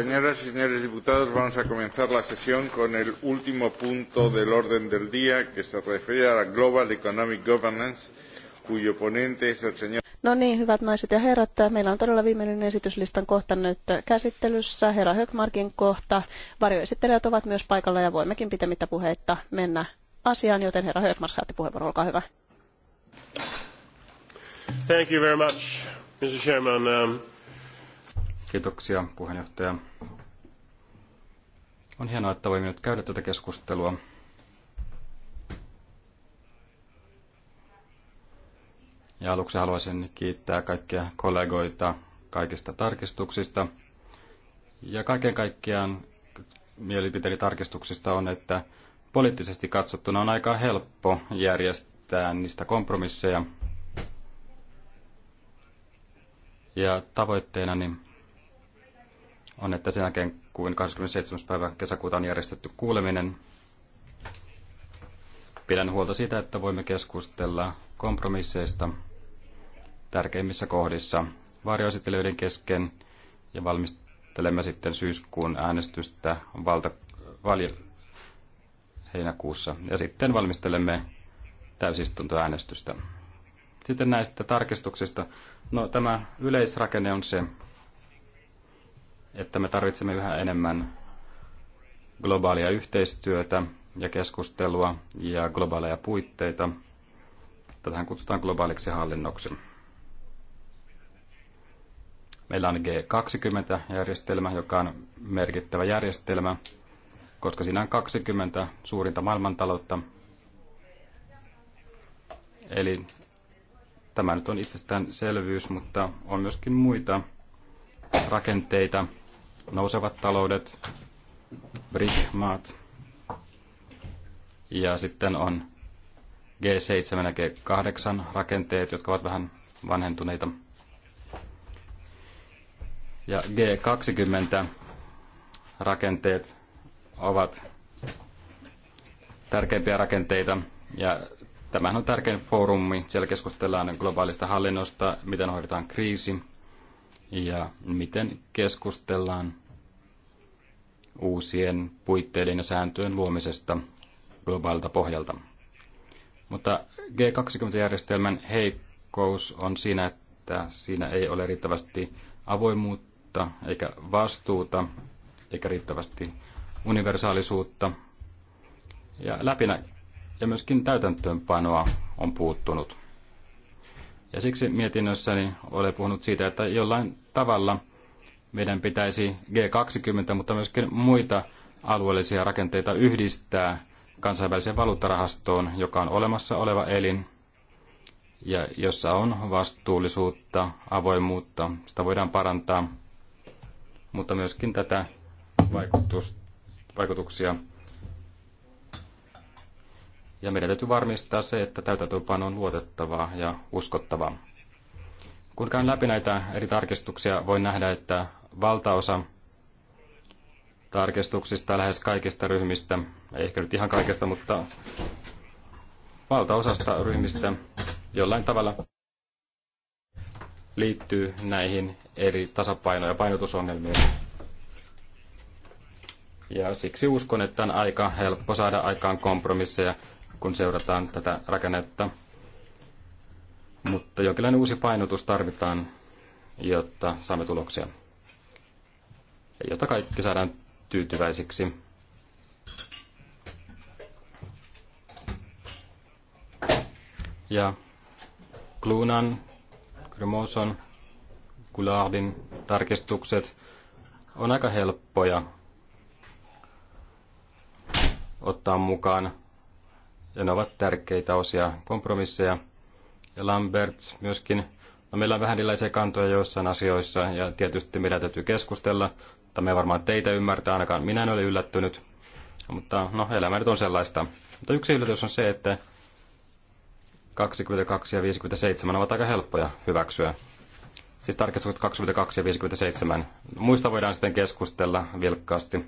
Señoras y señores diputados, vamos a comenzar la sesión con el último punto del orden del día que se refiere a la Global Economic Governance, cuyo ponente es el señor... No niin, hyvät naiset ja herrat, meillä on todella viimeinen esityslistan kohta nyt käsittelyssä. Herra Högmarkin kohta. Varjoesittelijät ovat myös paikalla ja voimmekin pitemmittä puheitta mennä asiaan, joten herra Högmark saatte puheenvuoron, olkaa hyvä. Thank you very much, Mr. Chairman. Um... Kiitoksia puheenjohtaja. On hienoa, että voimme nyt käydä tätä keskustelua. Ja aluksi haluaisin kiittää kaikkia kollegoita kaikista tarkistuksista. Ja kaiken kaikkiaan mielipiteeni tarkistuksista on, että poliittisesti katsottuna on aika helppo järjestää niistä kompromisseja. Ja tavoitteena niin on, että sen jälkeen kuin 27. päivä kesäkuuta on järjestetty kuuleminen, pidän huolta siitä, että voimme keskustella kompromisseista tärkeimmissä kohdissa varjoesittelijöiden kesken ja valmistelemme sitten syyskuun äänestystä valta, vali, heinäkuussa ja sitten valmistelemme täysistuntoäänestystä. Sitten näistä tarkistuksista. No, tämä yleisrakenne on se, että me tarvitsemme yhä enemmän globaalia yhteistyötä ja keskustelua ja globaaleja puitteita. Tätähän kutsutaan globaaliksi hallinnoksi. Meillä on G20-järjestelmä, joka on merkittävä järjestelmä, koska siinä on 20 suurinta maailmantaloutta. Eli tämä nyt on itsestäänselvyys, mutta on myöskin muita rakenteita, nousevat taloudet, BRIC-maat ja sitten on G7 ja G8 rakenteet, jotka ovat vähän vanhentuneita. Ja G20 rakenteet ovat tärkeimpiä rakenteita ja tämähän on tärkein foorumi. Siellä keskustellaan globaalista hallinnosta, miten hoidetaan kriisi, ja miten keskustellaan uusien puitteiden ja sääntöjen luomisesta globaalilta pohjalta. Mutta G20-järjestelmän heikkous on siinä, että siinä ei ole riittävästi avoimuutta eikä vastuuta eikä riittävästi universaalisuutta ja läpinä ja myöskin täytäntöönpanoa on puuttunut. Ja siksi mietinnössäni olen puhunut siitä, että jollain tavalla meidän pitäisi G20, mutta myöskin muita alueellisia rakenteita yhdistää kansainväliseen valuuttarahastoon, joka on olemassa oleva elin ja jossa on vastuullisuutta, avoimuutta, sitä voidaan parantaa, mutta myöskin tätä vaikutus, vaikutuksia ja meidän täytyy varmistaa se, että täytäntöönpano on luotettavaa ja uskottavaa. Kun käyn läpi näitä eri tarkistuksia, voin nähdä, että valtaosa tarkistuksista lähes kaikista ryhmistä, ei ehkä nyt ihan kaikista, mutta valtaosasta ryhmistä jollain tavalla liittyy näihin eri tasapaino- ja painotusongelmiin. Ja siksi uskon, että on aika helppo saada aikaan kompromisseja, kun seurataan tätä rakennetta. Mutta jonkinlainen uusi painotus tarvitaan, jotta saamme tuloksia. Ja jotta kaikki saadaan tyytyväisiksi. Ja Kluunan, Grimoson, Gulardin tarkistukset on aika helppoja ottaa mukaan ja ne ovat tärkeitä osia kompromisseja. Ja Lambert myöskin, no meillä on vähän erilaisia kantoja joissain asioissa ja tietysti meidän täytyy keskustella. Tämä me varmaan teitä ymmärtää, ainakaan minä en ole yllättynyt. Mutta no, elämä nyt on sellaista. Mutta yksi yllätys on se, että 22 ja 57 ovat aika helppoja hyväksyä. Siis tarkistukset 22 ja 57. Muista voidaan sitten keskustella vilkkaasti.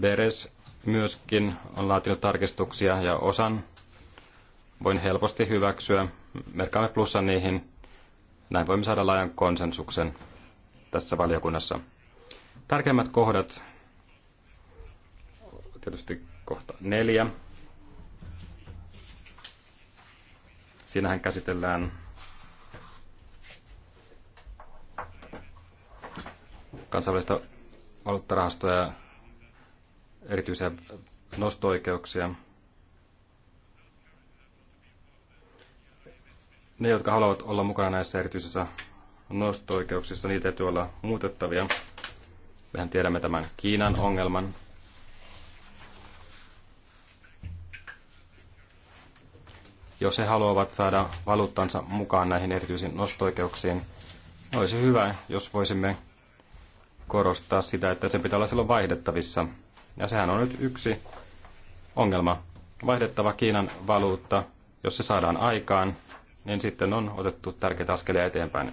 Beres myöskin on laatinut tarkistuksia ja osan voin helposti hyväksyä. Merkkaamme plussa niihin. Näin voimme saada laajan konsensuksen tässä valiokunnassa. Tärkeimmät kohdat, tietysti kohta neljä. Siinähän käsitellään kansainvälistä valuuttarahastoa ja erityisiä nostoikeuksia. Ne, jotka haluavat olla mukana näissä erityisissä nostoikeuksissa, niitä täytyy olla muutettavia. Mehän tiedämme tämän Kiinan ongelman. Jos he haluavat saada valuuttansa mukaan näihin erityisiin nostoikeuksiin, olisi hyvä, jos voisimme korostaa sitä, että se pitää olla silloin vaihdettavissa – ja sehän on nyt yksi ongelma. Vaihdettava Kiinan valuutta, jos se saadaan aikaan, niin sitten on otettu tärkeitä askelia eteenpäin.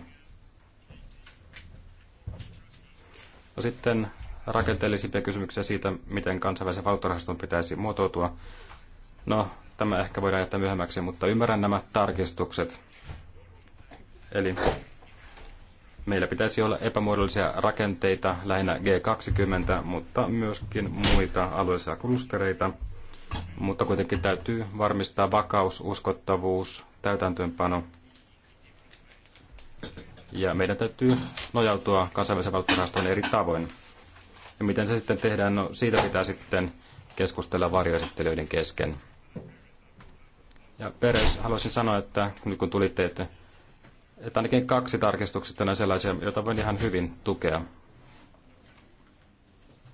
No sitten rakenteellisimpia kysymyksiä siitä, miten kansainvälisen valuuttarahaston pitäisi muotoutua. No, tämä ehkä voidaan jättää myöhemmäksi, mutta ymmärrän nämä tarkistukset. Eli Meillä pitäisi olla epämuodollisia rakenteita, lähinnä G20, mutta myöskin muita alueellisia klustereita. Mutta kuitenkin täytyy varmistaa vakaus, uskottavuus, täytäntöönpano. Ja meidän täytyy nojautua kansainvälisen valuuttarahastoon eri tavoin. Ja miten se sitten tehdään, no siitä pitää sitten keskustella varjoesittelyiden kesken. Ja Peres, haluaisin sanoa, että nyt kun tulitte, että että ainakin kaksi tarkistuksista on sellaisia, joita voin ihan hyvin tukea.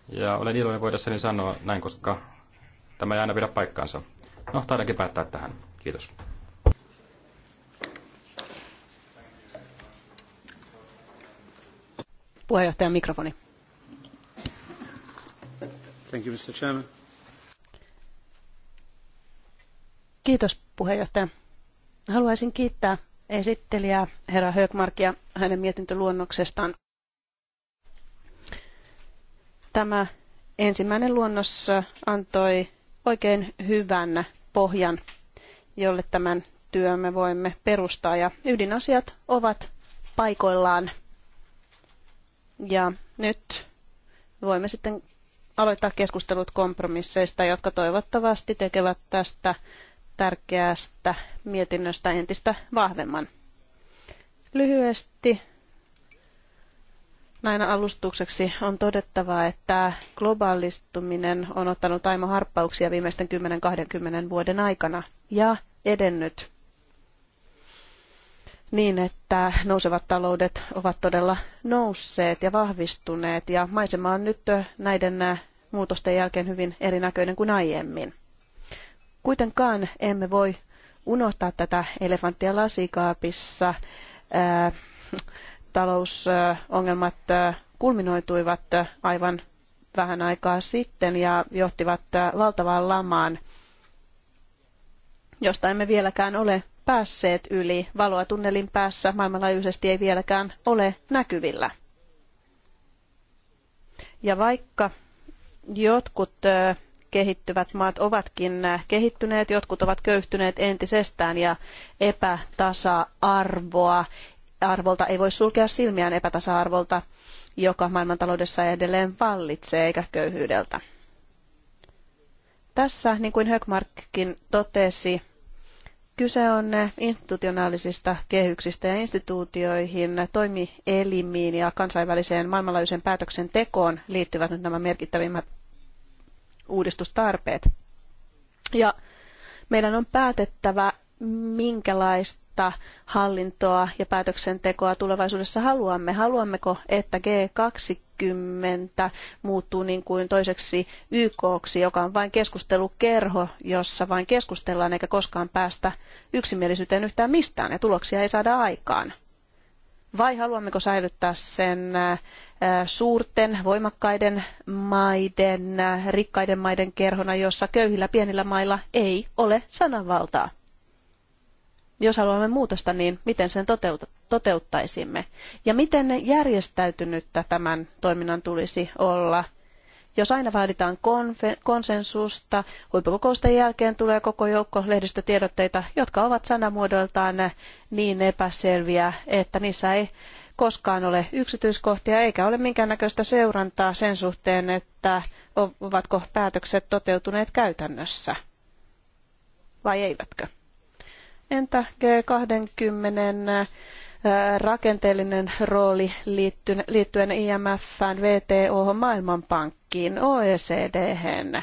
Ja olen iloinen voidessani sanoa näin, koska tämä ei aina pidä paikkaansa. No, taidankin päättää tähän. Kiitos. Puheenjohtaja mikrofoni. Thank you, Mr. Chairman. Kiitos puheenjohtaja. Haluaisin kiittää esittelijää, herra Högmarkia, hänen mietintöluonnoksestaan. Tämä ensimmäinen luonnos antoi oikein hyvän pohjan, jolle tämän työmme voimme perustaa. Ja ydinasiat ovat paikoillaan. Ja nyt voimme sitten aloittaa keskustelut kompromisseista, jotka toivottavasti tekevät tästä tärkeästä mietinnöstä entistä vahvemman. Lyhyesti näinä alustukseksi on todettava, että globaalistuminen on ottanut aimo harppauksia viimeisten 10-20 vuoden aikana ja edennyt niin, että nousevat taloudet ovat todella nousseet ja vahvistuneet ja maisema on nyt näiden muutosten jälkeen hyvin erinäköinen kuin aiemmin. Kuitenkaan emme voi unohtaa tätä elefanttia lasikaapissa. Ää, talousongelmat kulminoituivat aivan vähän aikaa sitten ja johtivat valtavaan lamaan, josta emme vieläkään ole päässeet yli. Valoa tunnelin päässä maailmanlaajuisesti ei vieläkään ole näkyvillä. Ja vaikka jotkut kehittyvät maat ovatkin äh, kehittyneet, jotkut ovat köyhtyneet entisestään ja epätasa-arvoa arvolta ei voi sulkea silmiään epätasa-arvolta, joka maailmantaloudessa edelleen vallitsee eikä köyhyydeltä. Tässä, niin kuin Högmarkkin totesi, Kyse on äh, institutionaalisista kehyksistä ja instituutioihin, toimielimiin ja kansainväliseen maailmanlaajuiseen päätöksentekoon liittyvät nyt nämä merkittävimmät uudistustarpeet. Ja meidän on päätettävä, minkälaista hallintoa ja päätöksentekoa tulevaisuudessa haluamme. Haluammeko, että G20 muuttuu niin kuin toiseksi YKksi, joka on vain keskustelukerho, jossa vain keskustellaan eikä koskaan päästä yksimielisyyteen yhtään mistään ja tuloksia ei saada aikaan vai haluammeko säilyttää sen äh, suurten, voimakkaiden maiden, äh, rikkaiden maiden kerhona, jossa köyhillä pienillä mailla ei ole sananvaltaa? Jos haluamme muutosta, niin miten sen toteuttaisimme? Ja miten järjestäytynyttä tämän toiminnan tulisi olla? Jos aina vaaditaan konsensusta, huippukokousten jälkeen tulee koko joukko lehdistötiedotteita, jotka ovat sanamuodoiltaan niin epäselviä, että niissä ei koskaan ole yksityiskohtia eikä ole minkäännäköistä seurantaa sen suhteen, että ovatko päätökset toteutuneet käytännössä vai eivätkö. Entä G20 rakenteellinen rooli liittyen IMFään, VTO, Maailmanpankkiin, OECDhen.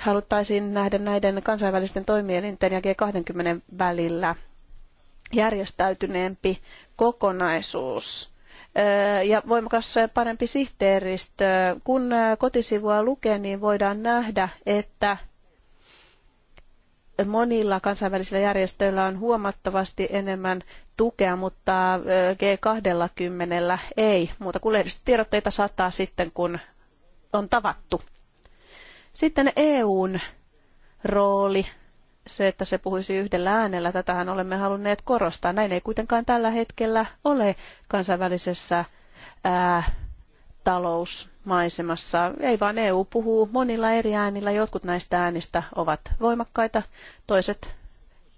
Haluttaisiin nähdä näiden kansainvälisten toimielinten ja G20 välillä järjestäytyneempi kokonaisuus ja voimakas parempi sihteeristö. Kun kotisivua lukee, niin voidaan nähdä, että monilla kansainvälisillä järjestöillä on huomattavasti enemmän tukea, mutta G20 ei. Muuta kuin lehdistötiedotteita saattaa sitten, kun on tavattu. Sitten EUn rooli, se, että se puhuisi yhdellä äänellä, tätähän olemme halunneet korostaa. Näin ei kuitenkaan tällä hetkellä ole kansainvälisessä ää, talousmaisemassa. Ei vaan EU puhuu monilla eri äänillä. Jotkut näistä äänistä ovat voimakkaita, toiset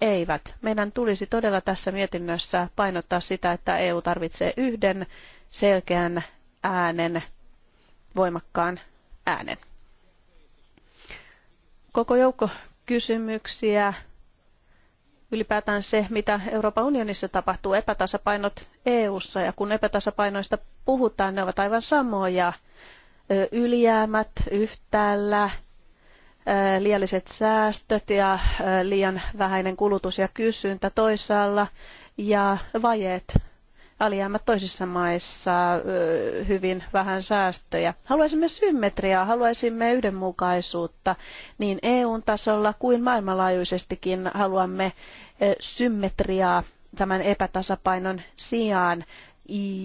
eivät. Meidän tulisi todella tässä mietinnössä painottaa sitä, että EU tarvitsee yhden selkeän äänen, voimakkaan äänen. Koko joukko kysymyksiä ylipäätään se, mitä Euroopan unionissa tapahtuu, epätasapainot EU:ssa ja kun epätasapainoista puhutaan, ne ovat aivan samoja. Ylijäämät yhtäällä, liialliset säästöt ja liian vähäinen kulutus ja kysyntä toisaalla ja vajeet alijäämät toisissa maissa, hyvin vähän säästöjä. Haluaisimme symmetriaa, haluaisimme yhdenmukaisuutta niin EU-tasolla kuin maailmanlaajuisestikin haluamme symmetriaa tämän epätasapainon sijaan.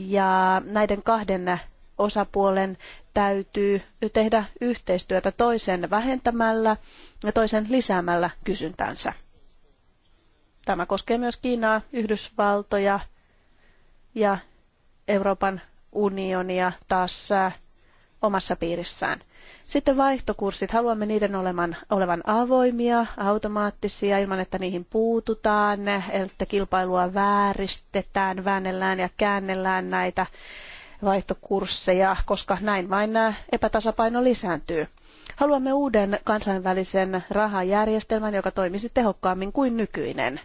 Ja näiden kahden osapuolen täytyy tehdä yhteistyötä toisen vähentämällä ja toisen lisäämällä kysyntänsä. Tämä koskee myös Kiinaa, Yhdysvaltoja, ja Euroopan unionia taas äh, omassa piirissään. Sitten vaihtokurssit. Haluamme niiden olevan, olevan avoimia, automaattisia, ilman että niihin puututaan, että kilpailua vääristetään, väännellään ja käännellään näitä vaihtokursseja, koska näin vain äh, epätasapaino lisääntyy. Haluamme uuden kansainvälisen rahajärjestelmän, joka toimisi tehokkaammin kuin nykyinen.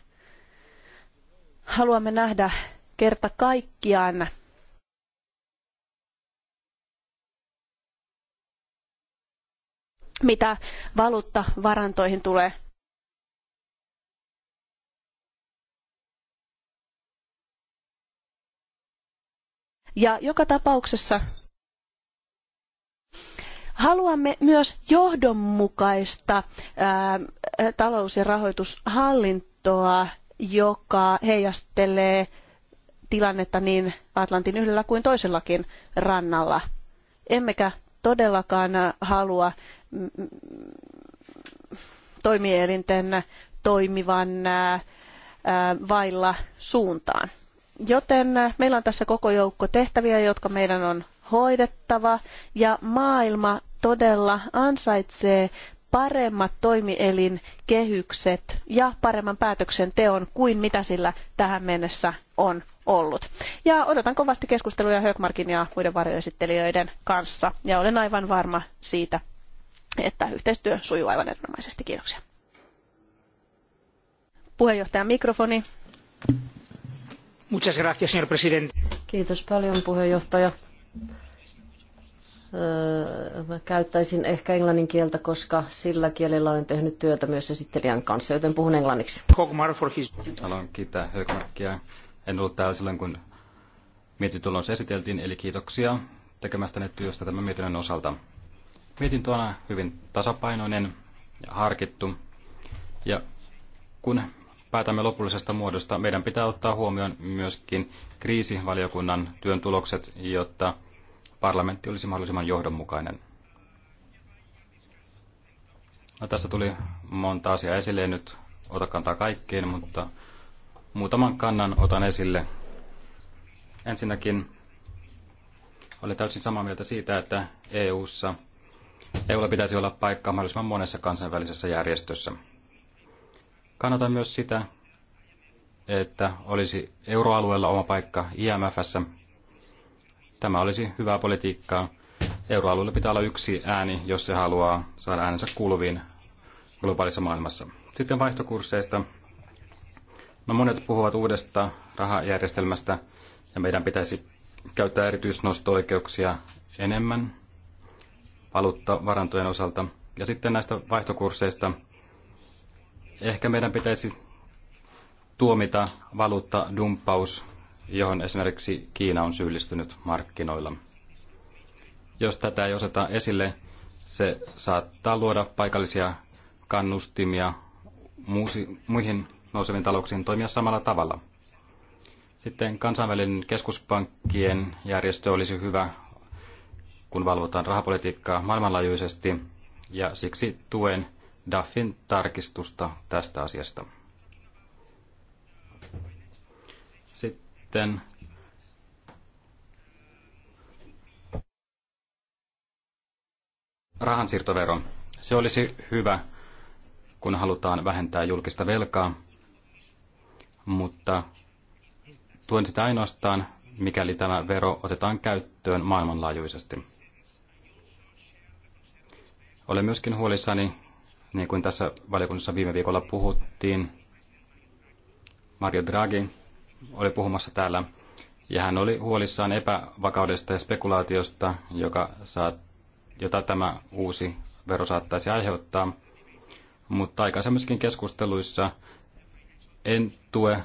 Haluamme nähdä kerta kaikkiaan mitä varantoihin tulee. Ja joka tapauksessa haluamme myös johdonmukaista ää, talous- ja rahoitushallintoa, joka heijastelee tilannetta niin Atlantin yhdellä kuin toisellakin rannalla. Emmekä todellakaan halua toimielinten toimivan vailla suuntaan. Joten meillä on tässä koko joukko tehtäviä, jotka meidän on hoidettava ja maailma todella ansaitsee paremmat toimielinkehykset ja paremman päätöksenteon kuin mitä sillä tähän mennessä on ollut. Ja odotan kovasti keskusteluja Högmarkin ja muiden varjoesittelijöiden kanssa ja olen aivan varma siitä, että yhteistyö sujuu aivan erinomaisesti. Kiitoksia. Puheenjohtajan mikrofoni. Muchas gracias, señor presidente. Kiitos paljon, puheenjohtaja. Mä käyttäisin ehkä englannin kieltä, koska sillä kielellä olen tehnyt työtä myös esittelijän kanssa, joten puhun englanniksi. Haluan kiittää Högmarkia. En ollut täällä silloin, kun mietintöluonnos esiteltiin, eli kiitoksia tekemästäne työstä tämän mietinnön osalta. Mietintö on hyvin tasapainoinen ja harkittu, ja kun päätämme lopullisesta muodosta, meidän pitää ottaa huomioon myöskin kriisivaliokunnan työn tulokset, jotta parlamentti olisi mahdollisimman johdonmukainen. No, tässä tuli monta asiaa esille, en nyt ota kantaa kaikkiin, mutta muutaman kannan otan esille. Ensinnäkin olen täysin samaa mieltä siitä, että EU:ssa EUlla pitäisi olla paikka mahdollisimman monessa kansainvälisessä järjestössä. Kannatan myös sitä, että olisi euroalueella oma paikka IMFssä Tämä olisi hyvää politiikkaa. Euroalueella pitää olla yksi ääni, jos se haluaa saada äänensä kuuluviin globaalissa maailmassa. Sitten vaihtokursseista. No monet puhuvat uudesta rahajärjestelmästä ja meidän pitäisi käyttää erityisnosto-oikeuksia enemmän valuuttavarantojen osalta. Ja sitten näistä vaihtokursseista. Ehkä meidän pitäisi tuomita valuuttadumppaus johon esimerkiksi Kiina on syyllistynyt markkinoilla. Jos tätä ei oseta esille, se saattaa luoda paikallisia kannustimia muusi, muihin nouseviin talouksiin toimia samalla tavalla. Sitten kansainvälinen keskuspankkien järjestö olisi hyvä, kun valvotaan rahapolitiikkaa maailmanlaajuisesti, ja siksi tuen DAFin tarkistusta tästä asiasta sitten rahansiirtovero. Se olisi hyvä, kun halutaan vähentää julkista velkaa, mutta tuen sitä ainoastaan, mikäli tämä vero otetaan käyttöön maailmanlaajuisesti. Olen myöskin huolissani, niin kuin tässä valiokunnassa viime viikolla puhuttiin, Mario Draghi oli puhumassa täällä. Ja hän oli huolissaan epävakaudesta ja spekulaatiosta, joka saa, jota tämä uusi vero saattaisi aiheuttaa. Mutta aikaisemmissakin keskusteluissa en tue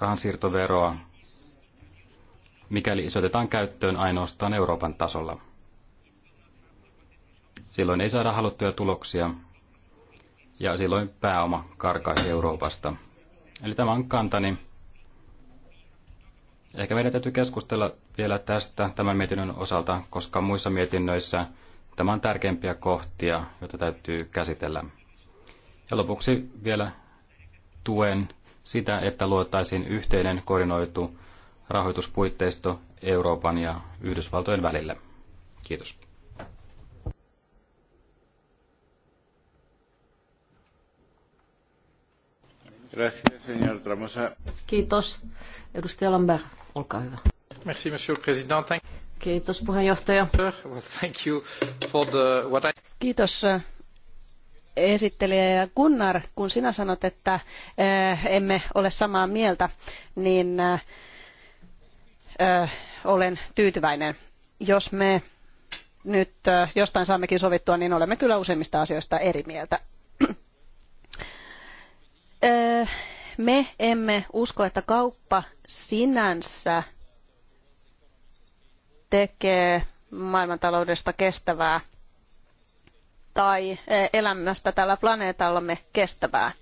rahansiirtoveroa, mikäli se otetaan käyttöön ainoastaan Euroopan tasolla. Silloin ei saada haluttuja tuloksia ja silloin pääoma karkaisi Euroopasta. Eli tämä on kantani Ehkä meidän täytyy keskustella vielä tästä tämän mietinnön osalta, koska muissa mietinnöissä tämä on tärkeimpiä kohtia, joita täytyy käsitellä. Ja lopuksi vielä tuen sitä, että luottaisiin yhteinen koordinoitu rahoituspuitteisto Euroopan ja Yhdysvaltojen välille. Kiitos. Kiitos, edustaja Lambert. Olkaa hyvä. Merci, monsieur le président. Kiitos puheenjohtaja. Thank you for the, what I... Kiitos eh, esittelijä Gunnar, kun sinä sanot, että eh, emme ole samaa mieltä, niin eh, olen tyytyväinen. Jos me nyt jostain saammekin sovittua, niin olemme kyllä useimmista asioista eri mieltä. Me emme usko, että kauppa sinänsä tekee maailmantaloudesta kestävää tai eh, elämästä tällä planeetallamme kestävää.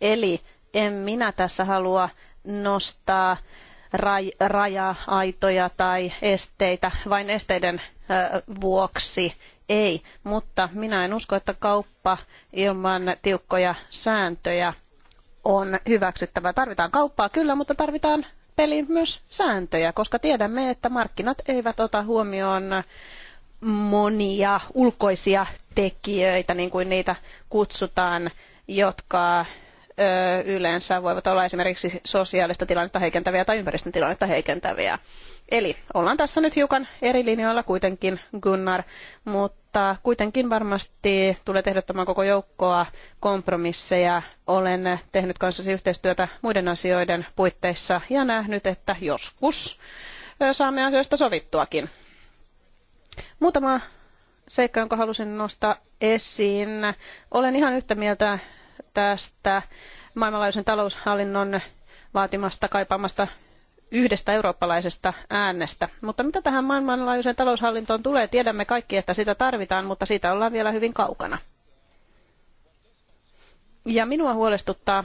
Eli en minä tässä halua nostaa raja-aitoja tai esteitä vain esteiden vuoksi. Ei, mutta minä en usko, että kauppa ilman tiukkoja sääntöjä on hyväksyttävä. Tarvitaan kauppaa kyllä, mutta tarvitaan peliin myös sääntöjä, koska tiedämme, että markkinat eivät ota huomioon monia ulkoisia tekijöitä, niin kuin niitä kutsutaan, jotka yleensä voivat olla esimerkiksi sosiaalista tilannetta heikentäviä tai ympäristön tilannetta heikentäviä. Eli ollaan tässä nyt hiukan eri linjoilla kuitenkin, Gunnar, mutta mutta kuitenkin varmasti tulet ehdottamaan koko joukkoa kompromisseja. Olen tehnyt kanssasi yhteistyötä muiden asioiden puitteissa ja nähnyt, että joskus saamme asioista sovittuakin. Muutama seikka, jonka halusin nostaa esiin. Olen ihan yhtä mieltä tästä maailmanlaajuisen taloushallinnon vaatimasta kaipaamasta yhdestä eurooppalaisesta äänestä. Mutta mitä tähän maailmanlaajuiseen taloushallintoon tulee, tiedämme kaikki, että sitä tarvitaan, mutta siitä ollaan vielä hyvin kaukana. Ja minua huolestuttaa,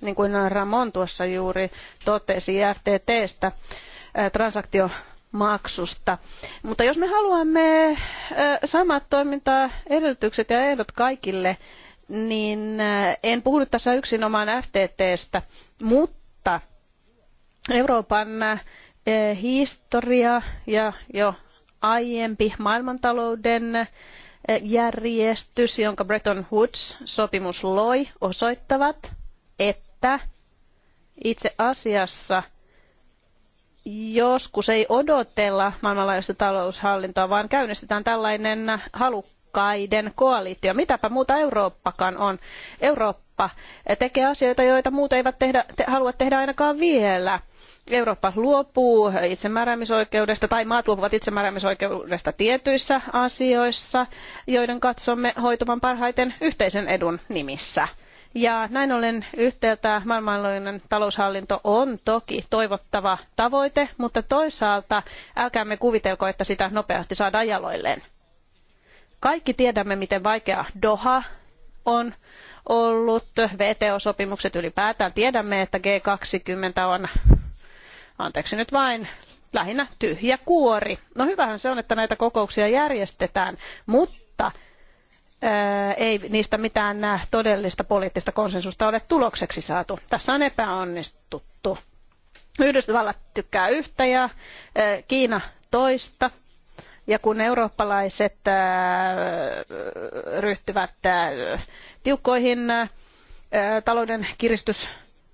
niin kuin Ramon tuossa juuri totesi, FTTstä, äh, transaktio maksusta. Mutta jos me haluamme äh, samat toimintaedellytykset ja ehdot kaikille, niin äh, en puhu nyt tässä yksinomaan FTTstä, mutta Euroopan eh, historia ja jo aiempi maailmantalouden eh, järjestys, jonka Bretton Woods-sopimus loi, osoittavat, että itse asiassa joskus ei odotella maailmanlaajuista taloushallintoa, vaan käynnistetään tällainen halukkaiden koalitio. Mitäpä muuta Eurooppakaan on. Eurooppa eh, tekee asioita, joita muut eivät tehdä, te, halua tehdä ainakaan vielä. Eurooppa luopuu itsemääräämisoikeudesta tai maat luopuvat itsemääräämisoikeudesta tietyissä asioissa, joiden katsomme hoituvan parhaiten yhteisen edun nimissä. Ja näin ollen yhteyttä maailmanlaajuinen taloushallinto on toki toivottava tavoite, mutta toisaalta älkäämme kuvitelko, että sitä nopeasti saadaan jaloilleen. Kaikki tiedämme, miten vaikea Doha on ollut, VTO-sopimukset ylipäätään. Tiedämme, että G20 on anteeksi nyt vain, lähinnä tyhjä kuori. No hyvähän se on, että näitä kokouksia järjestetään, mutta ei niistä mitään todellista poliittista konsensusta ole tulokseksi saatu. Tässä on epäonnistuttu. Yhdysvallat tykkää yhtä ja Kiina toista. Ja kun eurooppalaiset ryhtyvät tiukkoihin talouden kiristys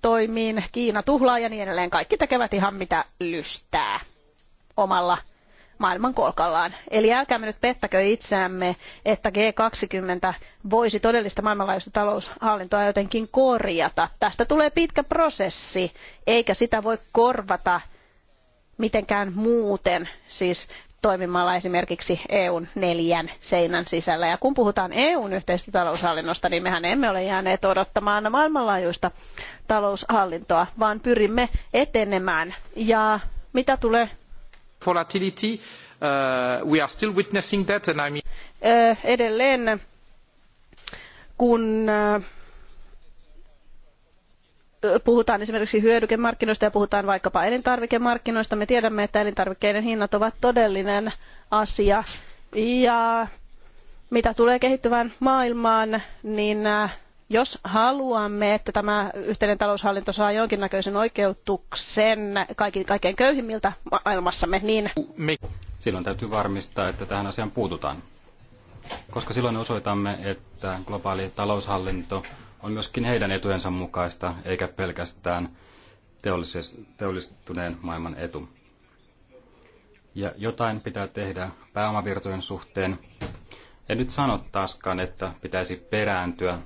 ilmastotoimiin, Kiina tuhlaa ja niin edelleen. Kaikki tekevät ihan mitä lystää omalla maailmankolkallaan. Eli älkäämme nyt pettäkö itseämme, että G20 voisi todellista maailmanlaajuista taloushallintoa jotenkin korjata. Tästä tulee pitkä prosessi, eikä sitä voi korvata mitenkään muuten, siis toimimalla esimerkiksi EUn neljän seinän sisällä. Ja kun puhutaan EUn yhteisestä taloushallinnosta, niin mehän emme ole jääneet odottamaan maailmanlaajuista taloushallintoa, vaan pyrimme etenemään. Ja mitä tulee volatility, uh, we are still witnessing that and I mean... Edelleen kun puhutaan esimerkiksi hyödykemarkkinoista ja puhutaan vaikkapa elintarvikemarkkinoista, me tiedämme, että elintarvikkeiden hinnat ovat todellinen asia. Ja mitä tulee kehittyvään maailmaan, niin äh, jos haluamme, että tämä yhteinen taloushallinto saa jonkinnäköisen oikeutuksen kaikkein köyhimmiltä maailmassamme, niin... Silloin täytyy varmistaa, että tähän asiaan puututaan. Koska silloin osoitamme, että globaali taloushallinto on myöskin heidän etujensa mukaista, eikä pelkästään teollistuneen maailman etu. Ja jotain pitää tehdä pääomavirtojen suhteen. En nyt sano taaskaan, että pitäisi perääntyä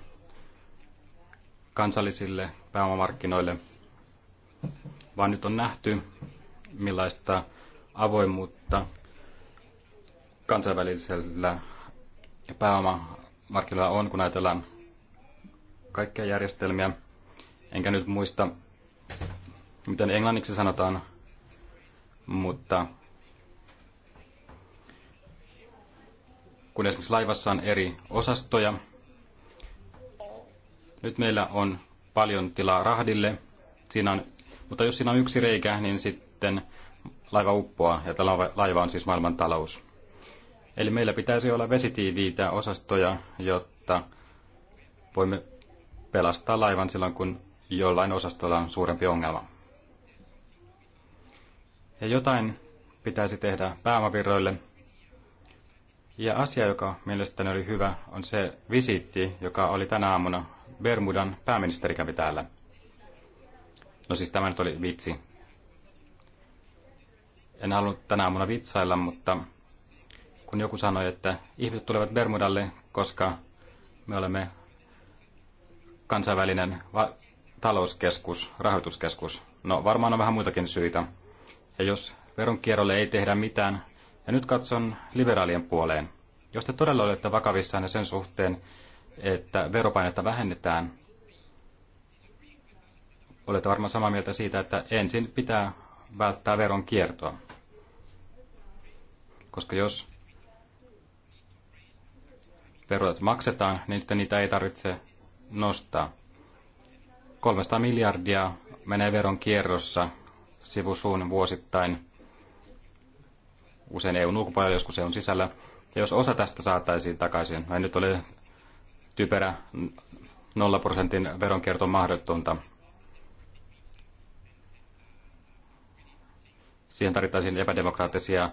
kansallisille pääomamarkkinoille, vaan nyt on nähty, millaista avoimuutta kansainvälisellä pääomamarkkinoilla on, kun ajatellaan kaikkia järjestelmiä. Enkä nyt muista, miten englanniksi sanotaan, mutta kun esimerkiksi laivassa on eri osastoja, nyt meillä on paljon tilaa rahdille, siinä on, mutta jos siinä on yksi reikä, niin sitten laiva uppoaa, ja tämä laiva on siis maailman talous. Eli meillä pitäisi olla vesitiiviitä osastoja, jotta voimme pelastaa laivan silloin, kun jollain osastolla on suurempi ongelma. Ja jotain pitäisi tehdä pääomavirroille. Ja asia, joka mielestäni oli hyvä, on se visiitti, joka oli tänä aamuna. Bermudan pääministeri kävi täällä. No siis tämä nyt oli vitsi. En halunnut tänä aamuna vitsailla, mutta kun joku sanoi, että ihmiset tulevat Bermudalle, koska me olemme kansainvälinen talouskeskus, rahoituskeskus. No varmaan on vähän muitakin syitä. Ja jos veronkierrolle ei tehdä mitään, ja nyt katson liberaalien puoleen. Jos te todella olette vakavissaan sen suhteen, että veropainetta vähennetään, olette varmaan samaa mieltä siitä, että ensin pitää välttää veron kiertoa. Koska jos verot maksetaan, niin sitten niitä ei tarvitse nostaa. 300 miljardia menee veron kierrossa sivusuun vuosittain, usein EUn ulkopuolella, joskus on sisällä. Ja jos osa tästä saataisiin takaisin, ei nyt ole typerä 0 prosentin veronkierto mahdotonta. Siihen tarvittaisiin epädemokraattisia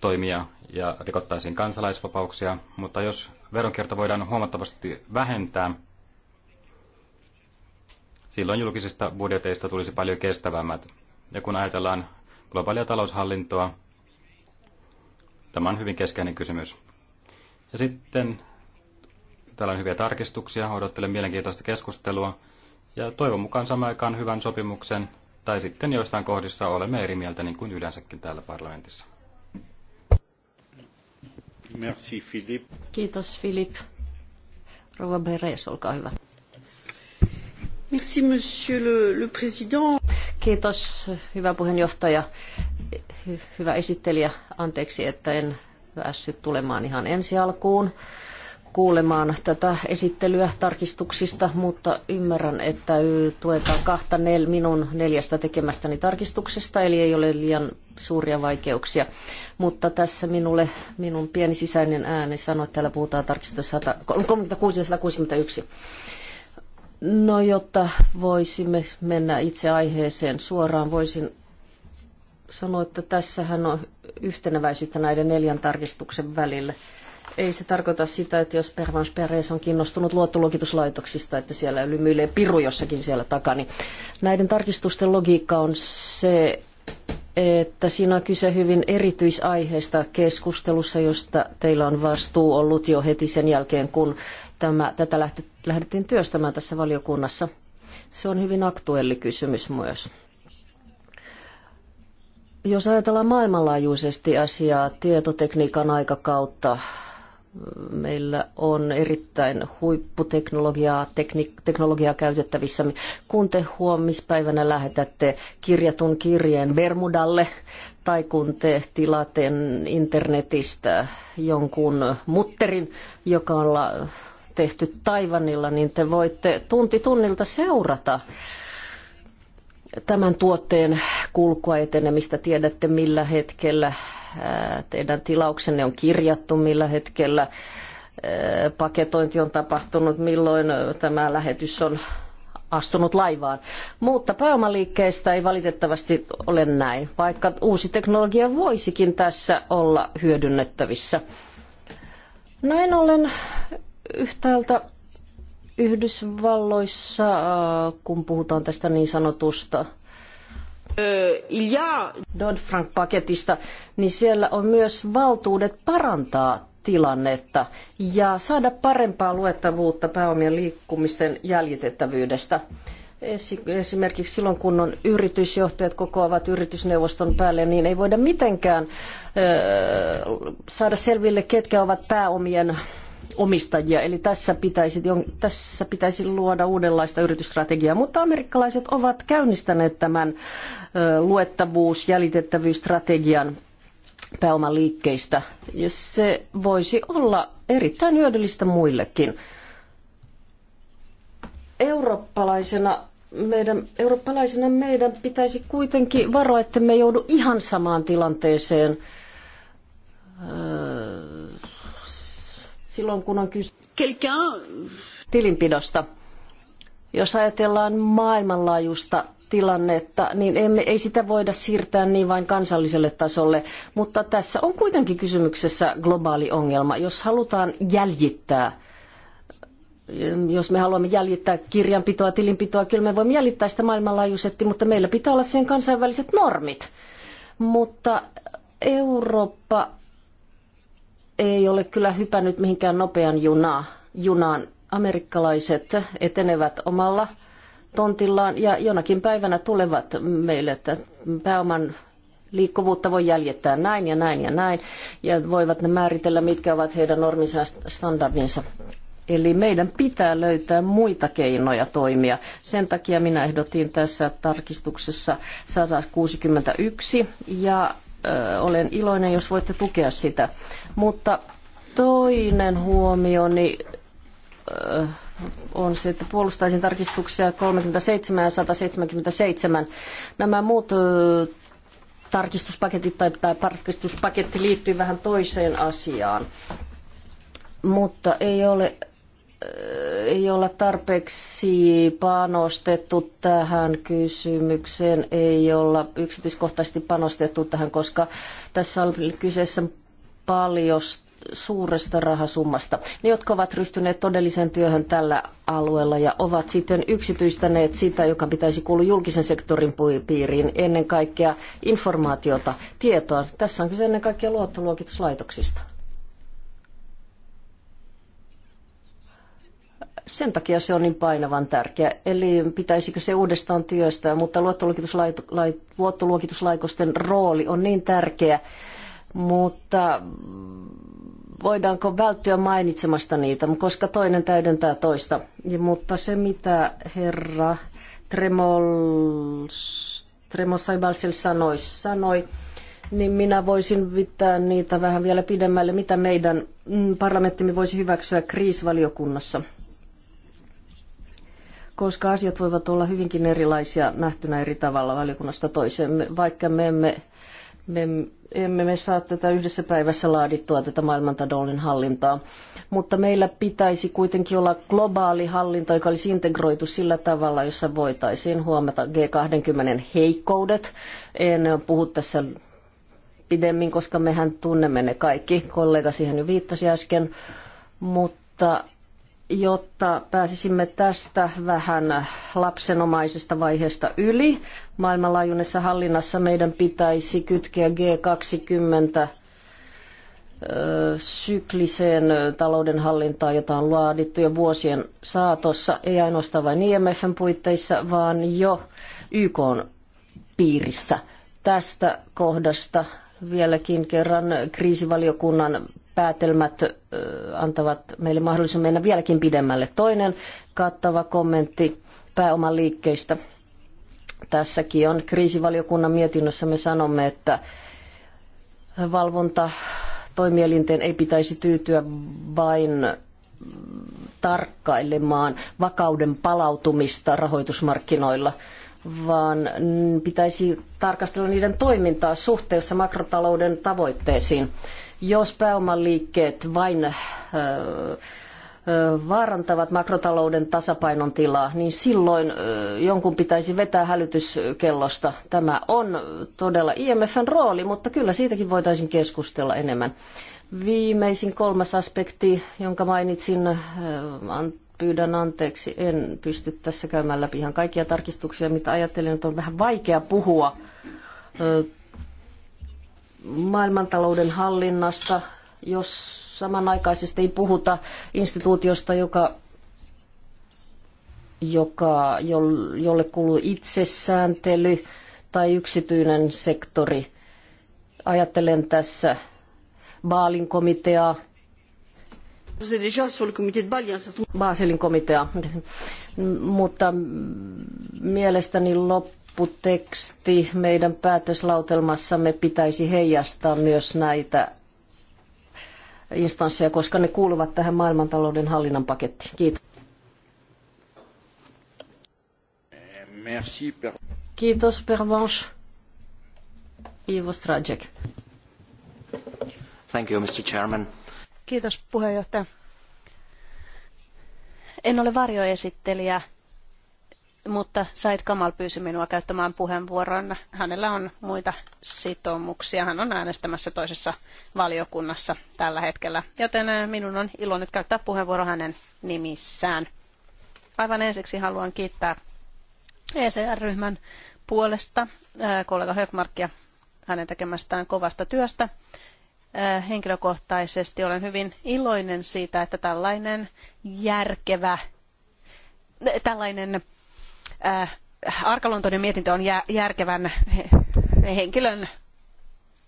toimia ja rikottaisiin kansalaisvapauksia, mutta jos veronkierto voidaan huomattavasti vähentää, silloin julkisista budjeteista tulisi paljon kestävämmät. Ja kun ajatellaan globaalia taloushallintoa, tämä on hyvin keskeinen kysymys. Ja sitten täällä on hyviä tarkistuksia, odottelen mielenkiintoista keskustelua ja toivon mukaan samaan aikaan hyvän sopimuksen tai sitten joistain kohdissa olemme eri mieltä niin kuin yleensäkin täällä parlamentissa. Merci, Philippe. Kiitos Filip. Rouva Beres, olkaa hyvä. Merci, monsieur le, le président. Kiitos, hyvä puheenjohtaja. Hy, hyvä esittelijä, anteeksi, että en päässyt tulemaan ihan ensi alkuun kuulemaan tätä esittelyä tarkistuksista, mutta ymmärrän, että tuetaan kahta nel, minun neljästä tekemästäni tarkistuksesta, eli ei ole liian suuria vaikeuksia. Mutta tässä minulle, minun pieni sisäinen ääni sanoi, että täällä puhutaan tarkistuksesta 3661. No, jotta voisimme mennä itse aiheeseen suoraan, voisin sanoa, että tässähän on yhteneväisyyttä näiden neljän tarkistuksen välillä. Ei se tarkoita sitä, että jos Pervans Perez on kiinnostunut luottoluokituslaitoksista, että siellä lymyilee piru jossakin siellä takani. Näiden tarkistusten logiikka on se, että siinä on kyse hyvin erityisaiheesta keskustelussa, josta teillä on vastuu ollut jo heti sen jälkeen, kun tämä, tätä lähti, lähdettiin työstämään tässä valiokunnassa. Se on hyvin aktuelli kysymys myös. Jos ajatellaan maailmanlaajuisesti asiaa tietotekniikan aikakautta, meillä on erittäin huipputeknologiaa tekni, teknologiaa käytettävissä. Kun te huomispäivänä lähetätte kirjatun kirjeen Bermudalle tai kun te tilaatte internetistä jonkun mutterin, joka on tehty Taivanilla, niin te voitte tunti tunnilta seurata tämän tuotteen kulkua etenemistä. Tiedätte millä hetkellä teidän tilauksenne on kirjattu, millä hetkellä paketointi on tapahtunut, milloin tämä lähetys on astunut laivaan. Mutta pääomaliikkeistä ei valitettavasti ole näin, vaikka uusi teknologia voisikin tässä olla hyödynnettävissä. Näin ollen yhtäältä Yhdysvalloissa, kun puhutaan tästä niin sanotusta Dodd-Frank-paketista, niin siellä on myös valtuudet parantaa tilannetta ja saada parempaa luettavuutta pääomien liikkumisten jäljitettävyydestä. Esimerkiksi silloin, kun on yritysjohtajat kokoavat yritysneuvoston päälle, niin ei voida mitenkään saada selville, ketkä ovat pääomien omistajia. Eli tässä pitäisi, tässä pitäisi luoda uudenlaista yritysstrategiaa. Mutta amerikkalaiset ovat käynnistäneet tämän luettavuus- jäljitettävyysstrategian pääoman liikkeistä. Ja se voisi olla erittäin hyödyllistä muillekin. Eurooppalaisena meidän, eurooppalaisena meidän pitäisi kuitenkin varoa, että me joudu ihan samaan tilanteeseen. Öö, silloin, kun on kyse tilinpidosta. Jos ajatellaan maailmanlaajuista tilannetta, niin emme, ei sitä voida siirtää niin vain kansalliselle tasolle, mutta tässä on kuitenkin kysymyksessä globaali ongelma. Jos halutaan jäljittää, jos me haluamme jäljittää kirjanpitoa, tilinpitoa, kyllä me voimme jäljittää sitä maailmanlaajuisesti, mutta meillä pitää olla siihen kansainväliset normit. Mutta Eurooppa ei ole kyllä hypännyt mihinkään nopean junaan. junaan. Amerikkalaiset etenevät omalla tontillaan ja jonakin päivänä tulevat meille, että pääoman liikkuvuutta voi jäljittää näin ja näin ja näin, ja voivat ne määritellä, mitkä ovat heidän norminsa standardinsa. Eli meidän pitää löytää muita keinoja toimia. Sen takia minä ehdotin tässä tarkistuksessa 161 ja olen iloinen, jos voitte tukea sitä. Mutta toinen huomioni on se, että puolustaisin tarkistuksia 37 ja 177. Nämä muut tarkistuspaketit tai, tämä tarkistuspaketti liittyy vähän toiseen asiaan, mutta ei ole ei olla tarpeeksi panostettu tähän kysymykseen, ei olla yksityiskohtaisesti panostettu tähän, koska tässä on kyseessä paljon suuresta rahasummasta. Ne, jotka ovat ryhtyneet todelliseen työhön tällä alueella ja ovat sitten yksityistäneet sitä, joka pitäisi kuulua julkisen sektorin piiriin, ennen kaikkea informaatiota, tietoa. Tässä on kyse ennen kaikkea luottoluokituslaitoksista. sen takia se on niin painavan tärkeä. Eli pitäisikö se uudestaan työstää, mutta luottoluokituslaikosten rooli on niin tärkeä, mutta voidaanko välttyä mainitsemasta niitä, koska toinen täydentää toista. Ja, mutta se, mitä herra Tremols, Tremos sanoi, sanoi, niin minä voisin vittää niitä vähän vielä pidemmälle, mitä meidän mm, parlamenttimme voisi hyväksyä kriisivaliokunnassa – koska asiat voivat olla hyvinkin erilaisia nähtynä eri tavalla valiokunnasta toiseen, vaikka me emme, me emme me saa tätä yhdessä päivässä laadittua tätä maailmantadollin hallintaa. Mutta meillä pitäisi kuitenkin olla globaali hallinto, joka olisi integroitu sillä tavalla, jossa voitaisiin huomata G20 heikkoudet. En puhu tässä pidemmin, koska mehän tunnemme ne kaikki. Kollega siihen jo viittasi äsken. Mutta jotta pääsisimme tästä vähän lapsenomaisesta vaiheesta yli. Maailmanlaajuisessa hallinnassa meidän pitäisi kytkeä G20 sykliseen taloudenhallintaan, jota on laadittu jo vuosien saatossa, ei ainoastaan vain IMFn puitteissa, vaan jo YK piirissä. Tästä kohdasta vieläkin kerran kriisivaliokunnan päätelmät antavat meille mahdollisuuden mennä vieläkin pidemmälle. Toinen kattava kommentti pääoman liikkeistä. Tässäkin on kriisivaliokunnan mietinnössä me sanomme, että valvonta toimielinten ei pitäisi tyytyä vain tarkkailemaan vakauden palautumista rahoitusmarkkinoilla – vaan pitäisi tarkastella niiden toimintaa suhteessa makrotalouden tavoitteisiin. Jos liikkeet vain vaarantavat makrotalouden tasapainon tilaa, niin silloin jonkun pitäisi vetää hälytyskellosta. Tämä on todella IMFn rooli, mutta kyllä siitäkin voitaisiin keskustella enemmän. Viimeisin kolmas aspekti, jonka mainitsin, pyydän anteeksi, en pysty tässä käymään läpi ihan kaikkia tarkistuksia, mitä ajattelin, että on vähän vaikea puhua maailmantalouden hallinnasta, jos samanaikaisesti ei puhuta instituutiosta, joka, joka, jolle kuuluu itsesääntely tai yksityinen sektori. Ajattelen tässä Baalin komiteaa, Baselin komitea, mutta mielestäni lopputeksti meidän päätöslautelmassamme pitäisi heijastaa myös näitä instansseja, koska ne kuuluvat tähän maailmantalouden hallinnan pakettiin. Kiitos. Kiitos, Pervanche. Ivo Strajek. Thank you, Mr. Chairman. Kiitos puheenjohtaja. En ole varjoesittelijä, mutta Said Kamal pyysi minua käyttämään puheenvuoron. Hänellä on muita sitoumuksia. Hän on äänestämässä toisessa valiokunnassa tällä hetkellä, joten äh, minun on ilo nyt käyttää puheenvuoro hänen nimissään. Aivan ensiksi haluan kiittää ECR-ryhmän puolesta äh, kollega Högmarkia hänen tekemästään kovasta työstä Äh, henkilökohtaisesti olen hyvin iloinen siitä, että tällainen järkevä, tällainen äh, arkaluontoinen mietintö on järkevän henkilön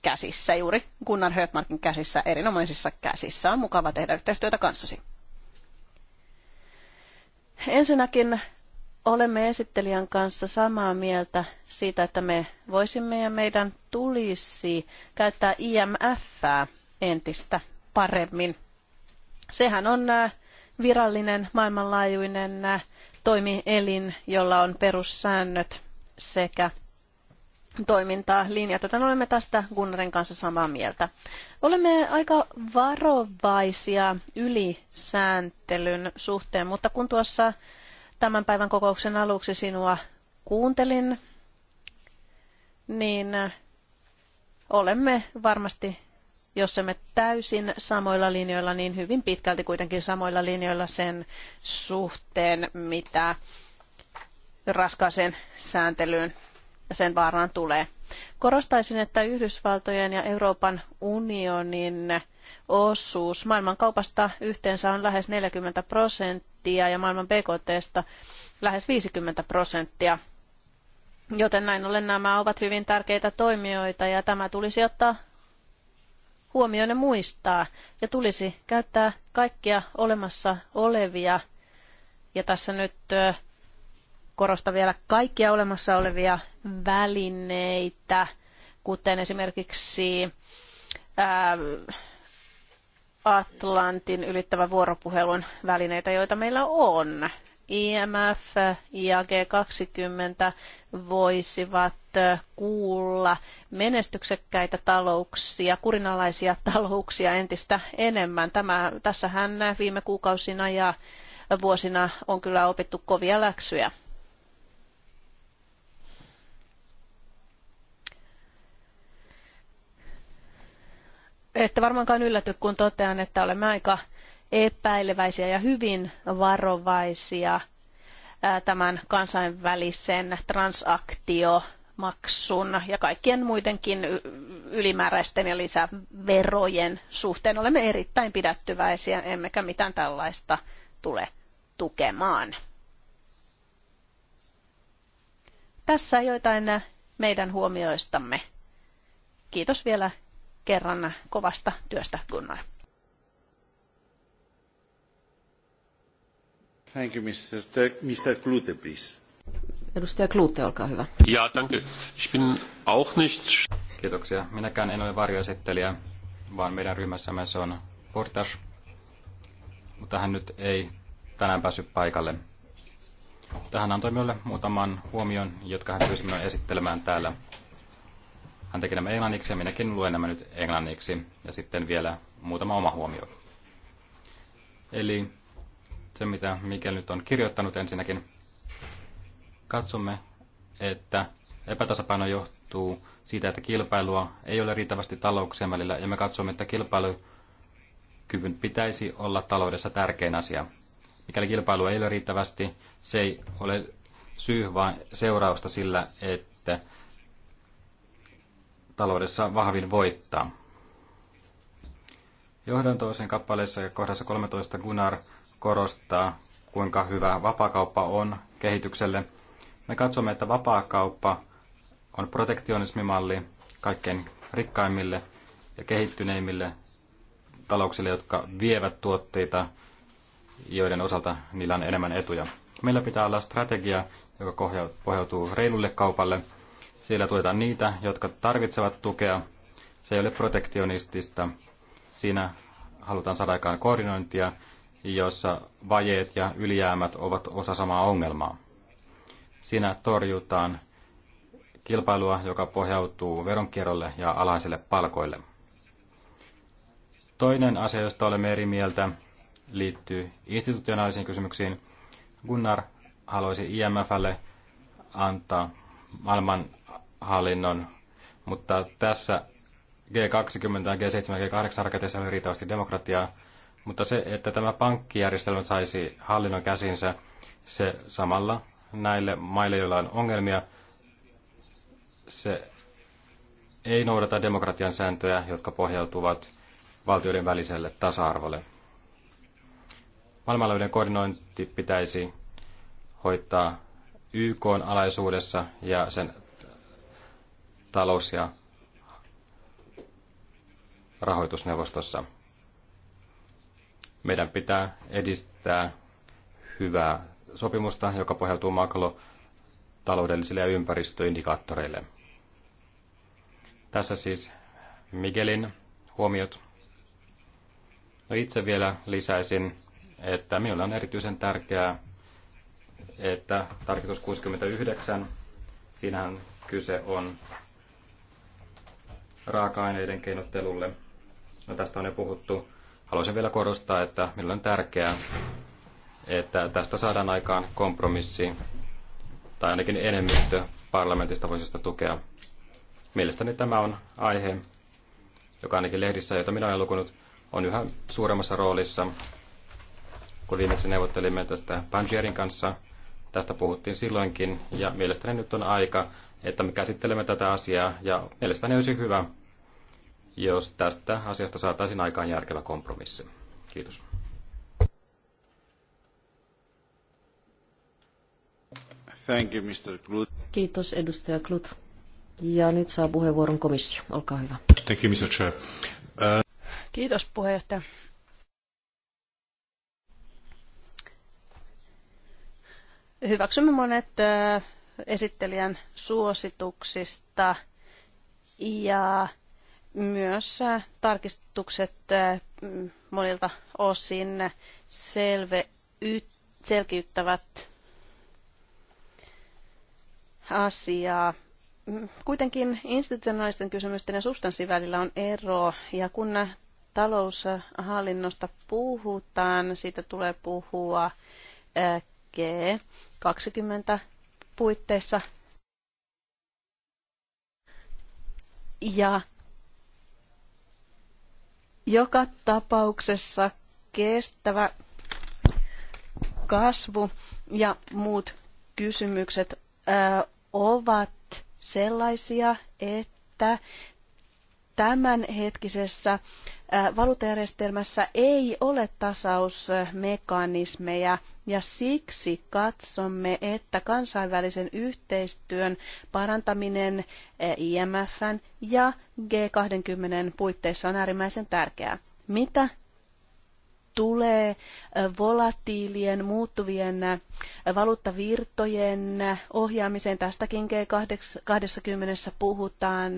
käsissä, juuri Gunnar Högmarkin käsissä, erinomaisissa käsissä. On mukava tehdä yhteistyötä kanssasi. Ensinnäkin Olemme esittelijän kanssa samaa mieltä siitä, että me voisimme ja meidän tulisi käyttää IMFää entistä paremmin. Sehän on äh, virallinen maailmanlaajuinen äh, toimielin, jolla on perussäännöt sekä toimintaa linjat, joten olemme tästä Gunnaren kanssa samaa mieltä. Olemme aika varovaisia ylisääntelyn suhteen, mutta kun tuossa tämän päivän kokouksen aluksi sinua kuuntelin, niin äh, olemme varmasti, jos emme täysin samoilla linjoilla, niin hyvin pitkälti kuitenkin samoilla linjoilla sen suhteen, mitä raskaaseen sääntelyyn ja sen vaaraan tulee. Korostaisin, että Yhdysvaltojen ja Euroopan unionin osuus maailmankaupasta yhteensä on lähes 40 prosenttia ja maailman BKTstä lähes 50 prosenttia. Joten näin ollen nämä ovat hyvin tärkeitä toimijoita ja tämä tulisi ottaa huomioon ja muistaa. Ja tulisi käyttää kaikkia olemassa olevia, ja tässä nyt korosta vielä kaikkia olemassa olevia välineitä, kuten esimerkiksi ää, Atlantin ylittävän vuoropuhelun välineitä, joita meillä on. IMF ja G20 voisivat kuulla menestyksekkäitä talouksia, kurinalaisia talouksia entistä enemmän. Tämä, tässähän viime kuukausina ja vuosina on kyllä opittu kovia läksyjä. ette varmaankaan ylläty, kun totean, että olemme aika epäileväisiä ja hyvin varovaisia tämän kansainvälisen transaktiomaksun ja kaikkien muidenkin ylimääräisten ja lisäverojen suhteen. Olemme erittäin pidättyväisiä, emmekä mitään tällaista tule tukemaan. Tässä joitain meidän huomioistamme. Kiitos vielä kerran kovasta työstä Gunnar. Thank you, Mr. Mr. Klute, please. Edustaja Klute, olkaa hyvä. Ja, Ich bin auch nicht... Kiitoksia. Minäkään en ole varjoesittelijä, vaan meidän ryhmässämme se on Portas. Mutta hän nyt ei tänään päässyt paikalle. Tähän antoi minulle muutaman huomion, jotka hän pyysi minua esittelemään täällä hän teki nämä englanniksi ja minäkin luen nämä nyt englanniksi. Ja sitten vielä muutama oma huomio. Eli se, mitä Mikkel nyt on kirjoittanut ensinnäkin, katsomme, että epätasapaino johtuu siitä, että kilpailua ei ole riittävästi talouksien välillä, ja me katsomme, että kilpailukyvyn pitäisi olla taloudessa tärkein asia. Mikäli kilpailu ei ole riittävästi, se ei ole syy, vaan seurausta sillä, että taloudessa vahvin voittaa. Johdantoisen kappaleessa ja kohdassa 13 Gunnar korostaa, kuinka hyvä vapaakauppa on kehitykselle. Me katsomme, että vapaakauppa on protektionismimalli kaikkein rikkaimmille ja kehittyneimmille talouksille, jotka vievät tuotteita, joiden osalta niillä on enemmän etuja. Meillä pitää olla strategia, joka pohjautuu reilulle kaupalle – siellä tuetaan niitä, jotka tarvitsevat tukea. Se ei ole protektionistista. Siinä halutaan saada aikaan koordinointia, jossa vajeet ja ylijäämät ovat osa samaa ongelmaa. Siinä torjutaan kilpailua, joka pohjautuu veronkierrolle ja alaisille palkoille. Toinen asia, josta olemme eri mieltä, liittyy institutionaalisiin kysymyksiin. Gunnar haluaisi IMFlle antaa maailman hallinnon, mutta tässä G20, G7 ja G8 rakenteessa oli riittävästi demokratiaa, mutta se, että tämä pankkijärjestelmä saisi hallinnon käsinsä, se samalla näille maille, joilla on ongelmia, se ei noudata demokratian sääntöjä, jotka pohjautuvat valtioiden väliselle tasa-arvolle. Maailmanlaajuinen koordinointi pitäisi hoitaa YK alaisuudessa ja sen talous- ja rahoitusneuvostossa. Meidän pitää edistää hyvää sopimusta, joka pohjautuu makrotaloudellisille ja ympäristöindikaattoreille. Tässä siis Miguelin huomiot. No itse vielä lisäisin, että minulle on erityisen tärkeää, että tarkoitus 69, siinähän kyse on raaka-aineiden keinottelulle. No, tästä on jo puhuttu. Haluaisin vielä korostaa, että milloin on tärkeää, että tästä saadaan aikaan kompromissi, tai ainakin enemmistö parlamentista voisi sitä tukea. Mielestäni tämä on aihe, joka ainakin lehdissä, jota minä olen lukunut, on yhä suuremmassa roolissa. Kun viimeksi neuvottelimme tästä Pangierin kanssa, tästä puhuttiin silloinkin, ja mielestäni nyt on aika että me käsittelemme tätä asiaa ja mielestäni olisi hyvä, jos tästä asiasta saataisiin aikaan järkevä kompromissi. Kiitos. Thank you, Mr. Klut. Kiitos, edustaja Klut. Ja nyt saa puheenvuoron komissio. Olkaa hyvä. Thank you, Mr. Chair. Uh... Kiitos, puheenjohtaja. Hyväksymme monet uh, esittelijän suosituksista ja myös äh, tarkistukset äh, monilta osin selve, selkiyttävät asiaa. Kuitenkin institutionaalisten kysymysten ja substanssin välillä on ero, ja kun taloushallinnosta puhutaan, siitä tulee puhua äh, G20 puitteissa. Ja joka tapauksessa kestävä kasvu ja muut kysymykset ovat sellaisia, että tämänhetkisessä valuutajärjestelmässä ei ole tasausmekanismeja ja siksi katsomme, että kansainvälisen yhteistyön parantaminen IMFn ja G20 puitteissa on äärimmäisen tärkeää. Mitä tulee volatiilien, muuttuvien valuuttavirtojen ohjaamiseen. Tästäkin G20 puhutaan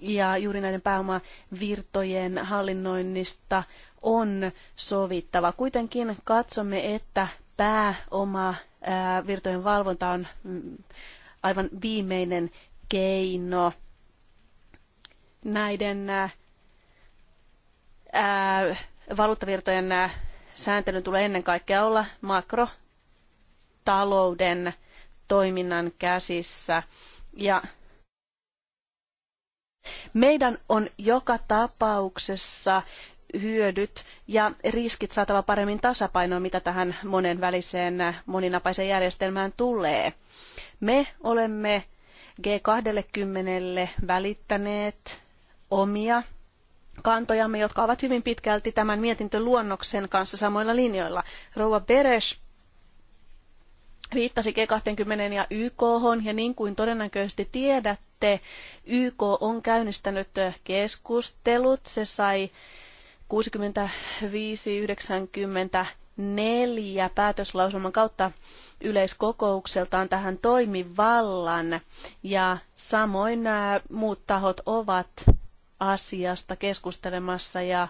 ja juuri näiden pääomavirtojen hallinnoinnista on sovittava. Kuitenkin katsomme, että pääoma virtojen valvonta on mm, aivan viimeinen keino näiden ää, valuuttavirtojen sääntelyn tulee ennen kaikkea olla makrotalouden toiminnan käsissä. Ja meidän on joka tapauksessa hyödyt ja riskit saatava paremmin tasapainoon, mitä tähän monenväliseen moninapaiseen järjestelmään tulee. Me olemme G20 välittäneet omia kantojamme, jotka ovat hyvin pitkälti tämän mietintöluonnoksen kanssa samoilla linjoilla. Rouva Beres viittasi G20 ja YK ja niin kuin todennäköisesti tiedät, sitten YK on käynnistänyt keskustelut. Se sai 65 94 päätöslausuman kautta yleiskokoukseltaan tähän toimivallan ja samoin nämä äh, muut tahot ovat asiasta keskustelemassa ja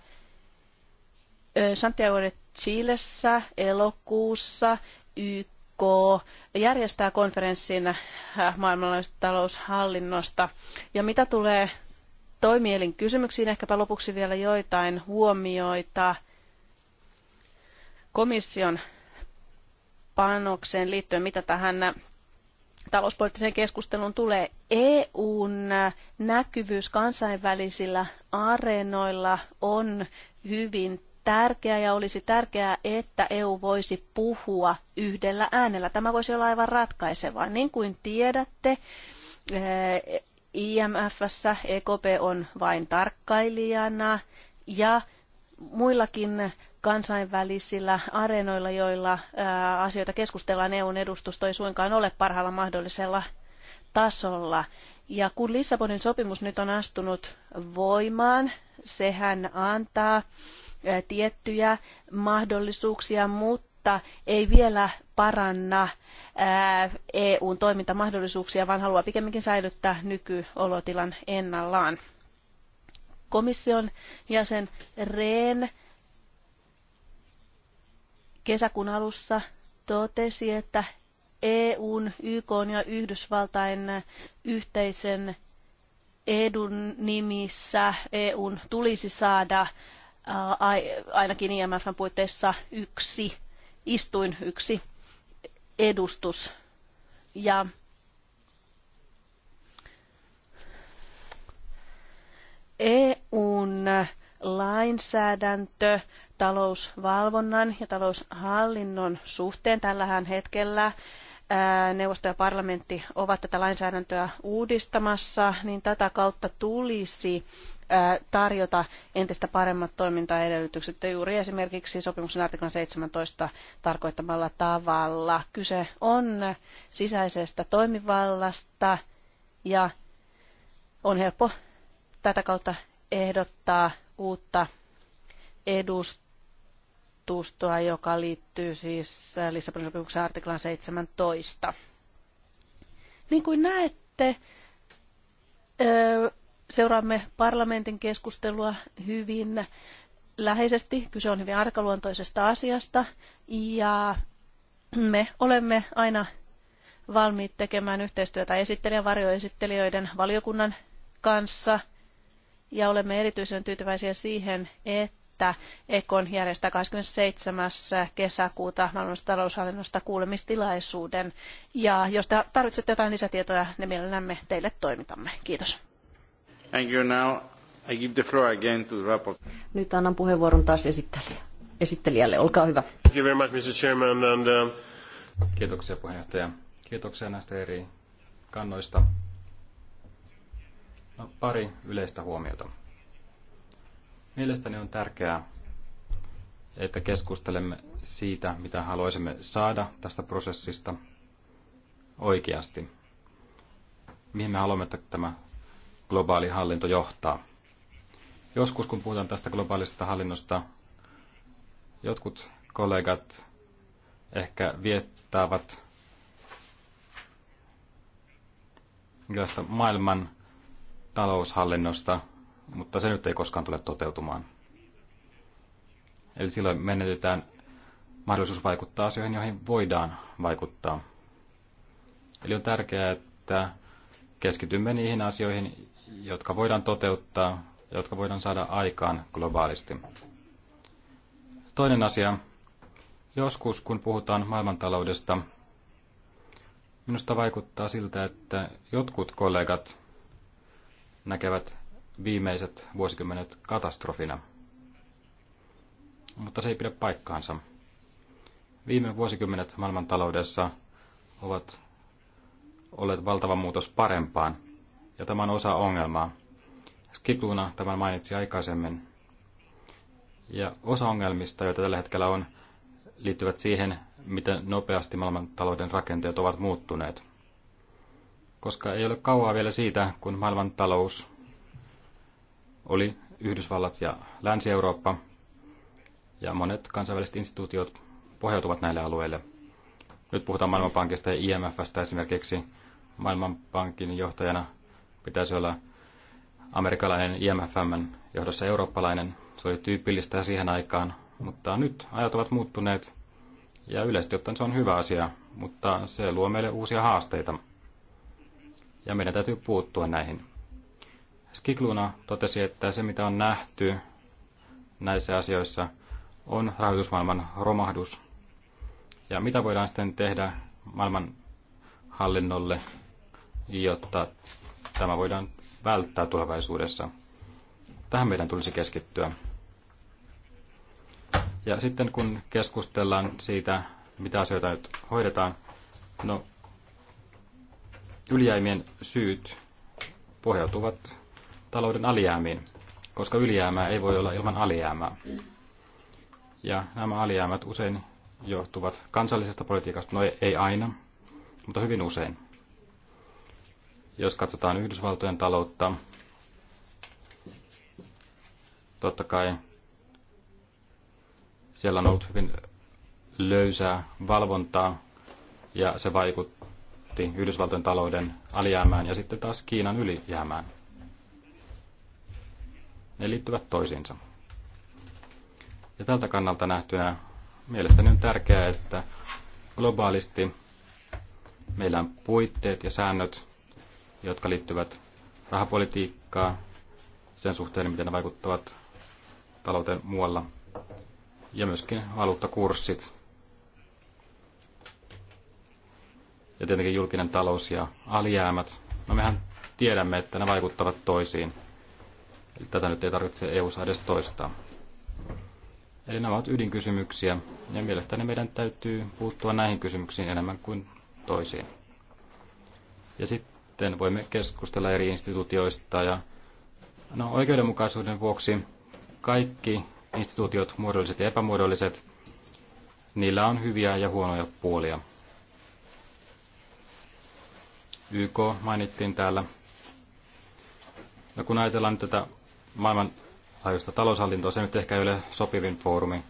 Santiago de Chilessä elokuussa YK YK järjestää konferenssin äh, maailmanlaajuisesta taloushallinnosta. Ja mitä tulee toimielin kysymyksiin, ehkäpä lopuksi vielä joitain huomioita komission panokseen liittyen, mitä tähän talouspoliittiseen keskusteluun tulee. EUn näkyvyys kansainvälisillä areenoilla on hyvin tärkeä ja olisi tärkeää, että EU voisi puhua yhdellä äänellä. Tämä voisi olla aivan ratkaisevaa. Niin kuin tiedätte, eh, IMFssä EKP on vain tarkkailijana ja muillakin kansainvälisillä areenoilla, joilla eh, asioita keskustellaan EUn edustusto ei suinkaan ole parhaalla mahdollisella tasolla. Ja kun Lissabonin sopimus nyt on astunut voimaan, sehän antaa tiettyjä mahdollisuuksia, mutta ei vielä paranna EUn toimintamahdollisuuksia, vaan haluaa pikemminkin säilyttää nykyolotilan ennallaan. Komission jäsen Rehn kesäkuun alussa totesi, että EUn, YK ja Yhdysvaltain yhteisen edun nimissä EUn tulisi saada ainakin IMFn puitteissa yksi istuin yksi edustus. Ja EUn lainsäädäntö talousvalvonnan ja taloushallinnon suhteen tällähän hetkellä neuvosto ja parlamentti ovat tätä lainsäädäntöä uudistamassa, niin tätä kautta tulisi tarjota entistä paremmat toimintaedellytykset juuri esimerkiksi sopimuksen artiklan 17 tarkoittamalla tavalla. Kyse on sisäisestä toimivallasta ja on helppo tätä kautta ehdottaa uutta edustustoa, joka liittyy siis Lissabonin sopimuksen artiklan 17. Niin kuin näette, Seuraamme parlamentin keskustelua hyvin läheisesti. Kyse on hyvin arkaluontoisesta asiasta ja me olemme aina valmiit tekemään yhteistyötä esittelijän varjoesittelijöiden valiokunnan kanssa ja olemme erityisen tyytyväisiä siihen, että Ekon järjestää 27. kesäkuuta maailmassa taloushallinnosta kuulemistilaisuuden. Ja jos tarvitsette jotain lisätietoja, ne mielellämme teille toimitamme. Kiitos. Thank you now. I give the floor again to the rapport. Nyt annan puheenvuoron taas esittelijä. esittelijälle. Olkaa hyvä. Thank you very much, Mr. Chairman, and, uh... Kiitoksia puheenjohtaja. Kiitoksia näistä eri kannoista. No, pari yleistä huomiota. Mielestäni on tärkeää, että keskustelemme siitä, mitä haluaisimme saada tästä prosessista oikeasti. Mihin me haluamme, että tämä globaali hallinto johtaa. Joskus kun puhutaan tästä globaalista hallinnosta, jotkut kollegat ehkä viettävät maailman taloushallinnosta, mutta se nyt ei koskaan tule toteutumaan. Eli silloin menetetään mahdollisuus vaikuttaa asioihin, joihin voidaan vaikuttaa. Eli on tärkeää, että keskitymme niihin asioihin, jotka voidaan toteuttaa, jotka voidaan saada aikaan globaalisti. Toinen asia. Joskus, kun puhutaan maailmantaloudesta, minusta vaikuttaa siltä, että jotkut kollegat näkevät viimeiset vuosikymmenet katastrofina. Mutta se ei pidä paikkaansa. Viime vuosikymmenet maailmantaloudessa ovat olleet valtava muutos parempaan – ja tämä on osa ongelmaa. Skikluna tämän mainitsi aikaisemmin. Ja osa ongelmista, joita tällä hetkellä on, liittyvät siihen, miten nopeasti maailmantalouden rakenteet ovat muuttuneet. Koska ei ole kauaa vielä siitä, kun maailmantalous oli Yhdysvallat ja Länsi-Eurooppa, ja monet kansainväliset instituutiot pohjautuvat näille alueille. Nyt puhutaan Maailmanpankista ja IMFstä esimerkiksi. Maailmanpankin johtajana pitäisi olla amerikkalainen IMFM johdossa eurooppalainen. Se oli tyypillistä siihen aikaan, mutta nyt ajat ovat muuttuneet ja yleisesti ottaen se on hyvä asia, mutta se luo meille uusia haasteita ja meidän täytyy puuttua näihin. Skikluna totesi, että se mitä on nähty näissä asioissa on rahoitusmaailman romahdus. Ja mitä voidaan sitten tehdä maailman hallinnolle, jotta tämä voidaan välttää tulevaisuudessa. Tähän meidän tulisi keskittyä. Ja sitten kun keskustellaan siitä, mitä asioita nyt hoidetaan, no ylijäämien syyt pohjautuvat talouden alijäämiin, koska ylijäämää ei voi olla ilman alijäämää. Ja nämä alijäämät usein johtuvat kansallisesta politiikasta, no ei aina, mutta hyvin usein. Jos katsotaan Yhdysvaltojen taloutta, totta kai siellä on ollut hyvin löysää valvontaa ja se vaikutti Yhdysvaltojen talouden alijäämään ja sitten taas Kiinan ylijäämään. Ne liittyvät toisiinsa. Ja tältä kannalta nähtynä mielestäni on tärkeää, että globaalisti meillä on puitteet ja säännöt, jotka liittyvät rahapolitiikkaan, sen suhteen, miten ne vaikuttavat talouteen muualla, ja myöskin valuuttakurssit. Ja tietenkin julkinen talous ja alijäämät. No mehän tiedämme, että ne vaikuttavat toisiin. Eli tätä nyt ei tarvitse eu edes toistaa. Eli nämä ovat ydinkysymyksiä, ja mielestäni meidän täytyy puuttua näihin kysymyksiin enemmän kuin toisiin. Ja sitten sitten voimme keskustella eri instituutioista ja no, oikeudenmukaisuuden vuoksi kaikki instituutiot, muodolliset ja epämuodolliset, niillä on hyviä ja huonoja puolia. YK mainittiin täällä. No kun ajatellaan nyt tätä maailmanlaajuista taloushallintoa, se nyt ehkä ei ole sopivin foorumi.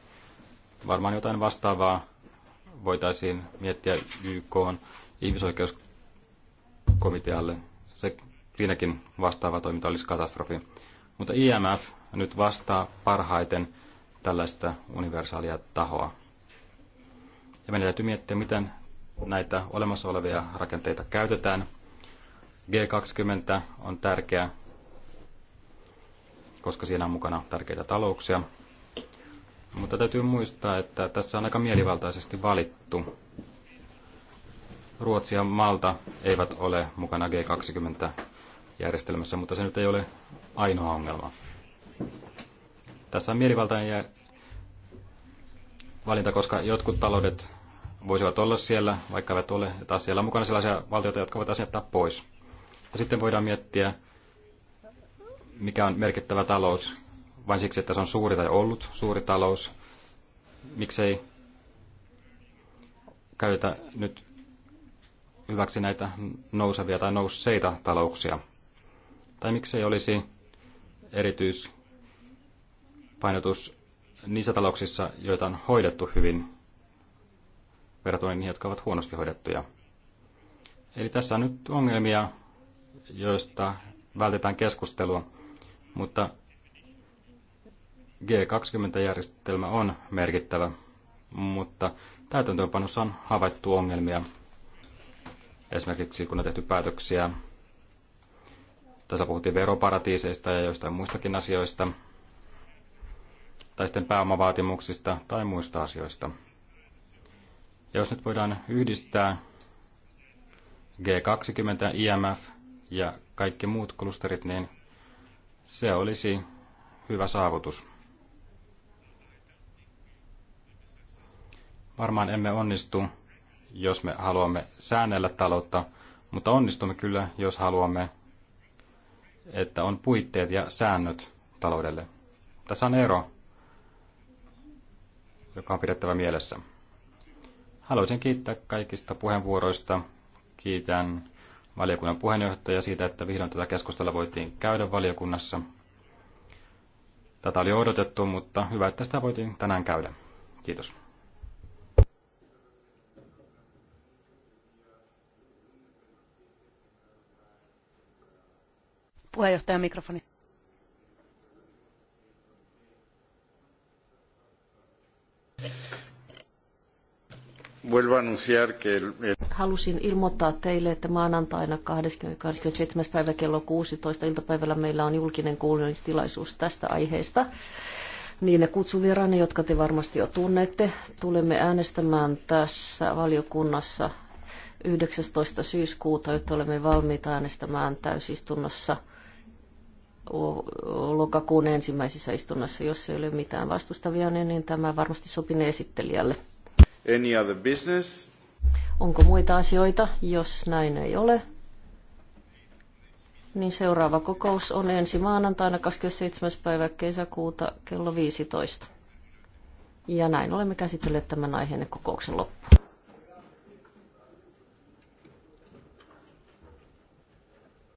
Varmaan jotain vastaavaa voitaisiin miettiä YK ihmisoikeus komitealle. Se, siinäkin vastaava toiminta olisi katastrofi. Mutta IMF nyt vastaa parhaiten tällaista universaalia tahoa. Ja meidän täytyy miettiä, miten näitä olemassa olevia rakenteita käytetään. G20 on tärkeä, koska siinä on mukana tärkeitä talouksia. Mutta täytyy muistaa, että tässä on aika mielivaltaisesti valittu Ruotsi ja Malta eivät ole mukana G20-järjestelmässä, mutta se nyt ei ole ainoa ongelma. Tässä on mielivaltainen valinta, koska jotkut taloudet voisivat olla siellä, vaikka eivät ole, ja taas siellä on mukana sellaisia valtioita, jotka voitaisiin jättää pois. Ja sitten voidaan miettiä, mikä on merkittävä talous, vain siksi, että se on suuri tai ollut suuri talous. Miksei käytä nyt hyväksi näitä nousevia tai nousseita talouksia? Tai miksei olisi erityispainotus niissä talouksissa, joita on hoidettu hyvin verrattuna niihin, jotka ovat huonosti hoidettuja? Eli tässä on nyt ongelmia, joista vältetään keskustelua, mutta G20-järjestelmä on merkittävä, mutta täytäntöönpanossa on havaittu ongelmia, Esimerkiksi kun on tehty päätöksiä, tässä puhuttiin veroparatiiseista ja joistain muistakin asioista, tai sitten pääomavaatimuksista tai muista asioista. Ja jos nyt voidaan yhdistää G20, IMF ja kaikki muut klusterit, niin se olisi hyvä saavutus. Varmaan emme onnistu jos me haluamme säännellä taloutta, mutta onnistumme kyllä, jos haluamme, että on puitteet ja säännöt taloudelle. Tässä on ero, joka on pidettävä mielessä. Haluaisin kiittää kaikista puheenvuoroista. Kiitän valiokunnan puheenjohtajaa siitä, että vihdoin tätä keskustelua voitiin käydä valiokunnassa. Tätä oli odotettu, mutta hyvä, että sitä voitiin tänään käydä. Kiitos. Puheenjohtaja mikrofoni. Halusin ilmoittaa teille, että maanantaina 27. päivä kello 16 iltapäivällä meillä on julkinen kuulemistilaisuus tästä aiheesta. Niin ne kutsuvieraani, jotka te varmasti jo tunnette, tulemme äänestämään tässä valiokunnassa 19. syyskuuta, jotta olemme valmiita äänestämään täysistunnossa – lokakuun ensimmäisessä istunnossa. Jos ei ole mitään vastustavia, niin, niin tämä varmasti sopinee esittelijälle. Any other business? Onko muita asioita? Jos näin ei ole, niin seuraava kokous on ensi maanantaina 27. päivä kesäkuuta kello 15. Ja näin olemme käsitelleet tämän aiheen kokouksen loppuun.